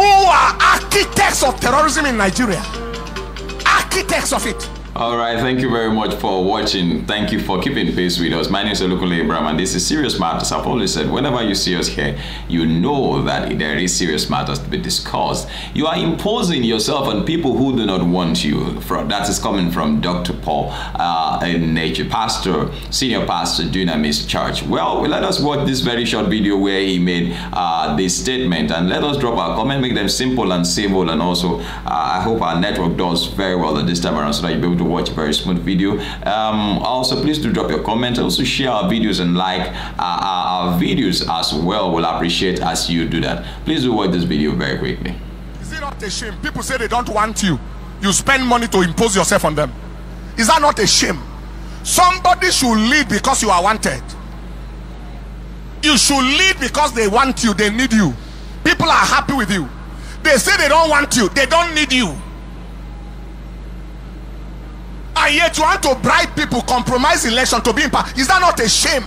who are architects of terrorism in Nigeria. Architects of it. All right, thank you very much for watching. Thank you for keeping pace with us. My name is Olukunle Abraham and this is Serious Matters. I've always said whenever you see us here, you know that there is serious matters to be discussed. You are imposing yourself on people who do not want you. That is coming from Dr. Paul, uh, a nature pastor, senior pastor, Dunamis Church. Well, let us watch this very short video where he made uh, this statement and let us drop our comment, make them simple and civil and also uh, I hope our network does very well at this time around so that you'll be able to watch a very smooth video. Um, also, please do drop your comments. Also, share our videos and like our, uh, our, our videos as well. We'll appreciate as you do that. Please do watch this video very quickly. Is it not a shame? People say they don't want you. You spend money to impose yourself on them. Is that not a shame? Somebody should lead because you are wanted. You should lead because they want you, they need you. People are happy with you. They say they don't want you, they don't need you and yet you want to bribe people, compromise election to be in power. Is that not a shame?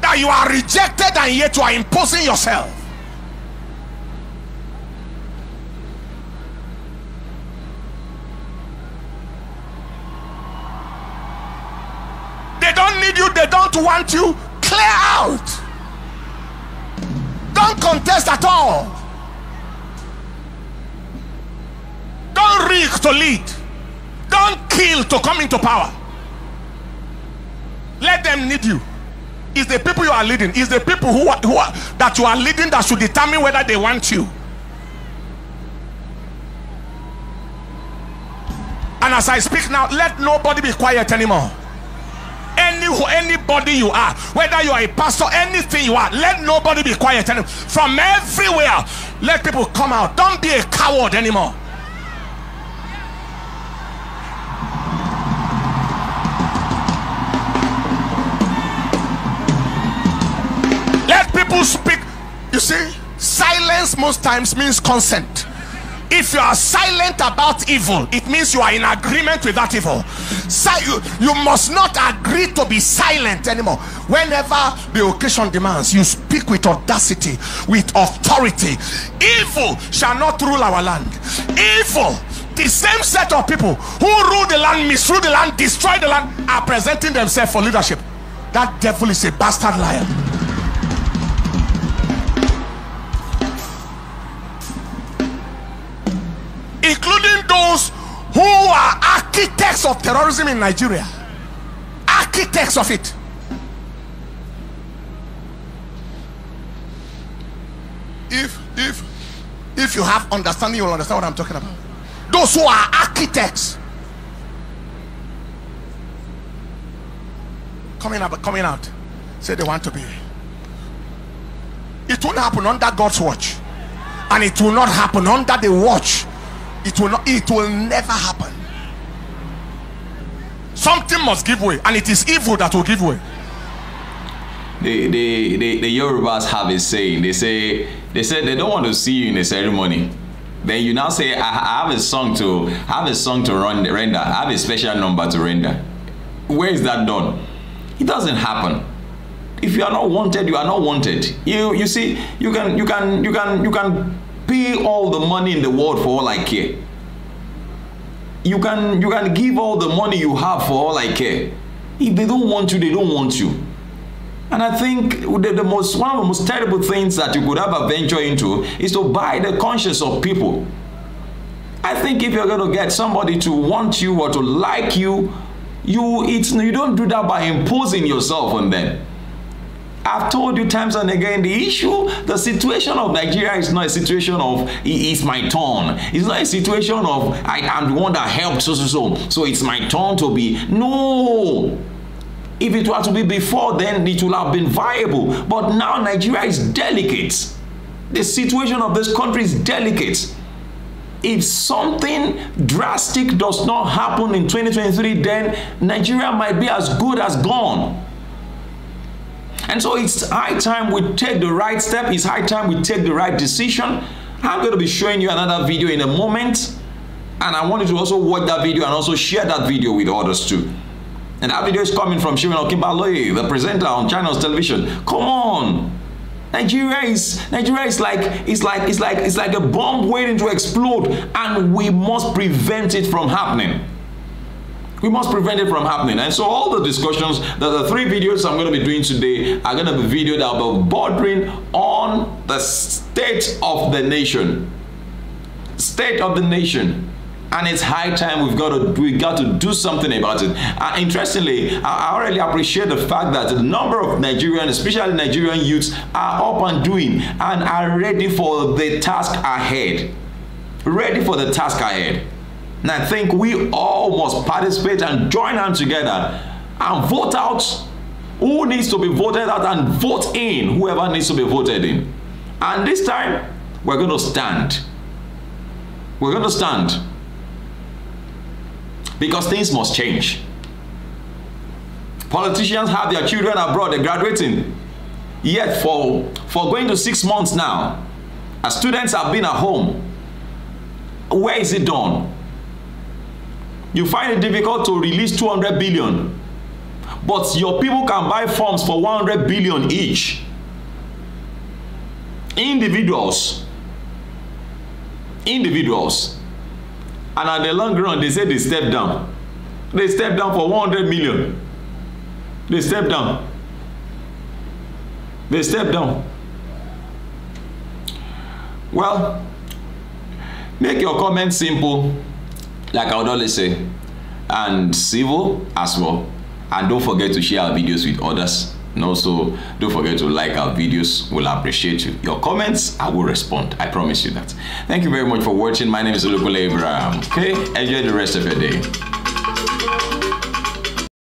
That you are rejected and yet you are imposing yourself. They don't need you, they don't want you. Clear out. Don't contest at all. seek to lead. Don't kill to come into power. Let them need you. It's the people you are leading. It's the people who are, who are that you are leading that should determine whether they want you. And as I speak now, let nobody be quiet anymore. Any anybody you are, whether you are a pastor, anything you are, let nobody be quiet anymore. From everywhere, let people come out. Don't be a coward anymore. silence most times means consent if you are silent about evil it means you are in agreement with that evil so you, you must not agree to be silent anymore whenever the occasion demands you speak with audacity with authority evil shall not rule our land evil the same set of people who rule the land misrule the land destroy the land are presenting themselves for leadership that devil is a bastard liar including those who are architects of terrorism in Nigeria. Architects of it. If if if you have understanding, you'll understand what I'm talking about. Those who are architects. Coming up, coming out. Say they want to be. It won't happen under God's watch. And it will not happen under the watch it will not, it will never happen. Something must give way, and it is evil that will give way. The, the, the, the Yorubas have a saying. They say they said they don't want to see you in the ceremony. Then you now say, I, I have a song to I have a song to run, render. I have a special number to render. Where is that done? It doesn't happen if you are not wanted you are not wanted you you see you can you can you can you can pay all the money in the world for all I care. You can you can give all the money you have for all I care. If they don't want you, they don't want you. And I think the, the most one of the most terrible things that you could ever venture into is to buy the conscience of people. I think if you're going to get somebody to want you or to like you, you it's you don't do that by imposing yourself on them. I've told you times and again the issue, the situation of Nigeria is not a situation of it's my turn. It's not a situation of I am the one that helped so so so. So it's my turn to be. No. If it were to be before, then it would have been viable. But now Nigeria is delicate. The situation of this country is delicate. If something drastic does not happen in 2023, then Nigeria might be as good as gone. And so it's high time we take the right step. It's high time we take the right decision. I'm going to be showing you another video in a moment. And I want you to also watch that video and also share that video with others too. And that video is coming from Shirin Okimbaloye, the presenter on Channels Television. Come on. Nigeria is Nigeria is like it's like it's like it's like a bomb waiting to explode and we must prevent it from happening. We must prevent it from happening. And so all the discussions, the, the three videos I'm going to be doing today are going to be videos that will be bordering on the state of the nation. State of the nation and it's high time we've got to we got to do something about it. Uh, interestingly, I, I really appreciate the fact that the number of Nigerians, especially Nigerian youths, are up and doing and are ready for the task ahead. Ready for the task ahead. And I think we all must participate and join hands together and vote out who needs to be voted out and vote in whoever needs to be voted in. And this time, we're going to stand. We're going to stand. Because things must change. Politicians have their children abroad, they're graduating. Yet for, for going to six months now, as students have been at home, where is it done? you find it difficult to release two hundred billion but your people can buy farms for one hundred billion each individuals individuals and at the long run they say they step down they step down for one hundred million they step down they step down well make your comment simple like I would always say, and civil as well. And don't forget to share our videos with others. And also, don't forget to like our videos. We'll appreciate you. Your comments, I will respond. I promise you that. Thank you very much for watching. My name is Olukule Abraham. Okay, enjoy the rest of your day.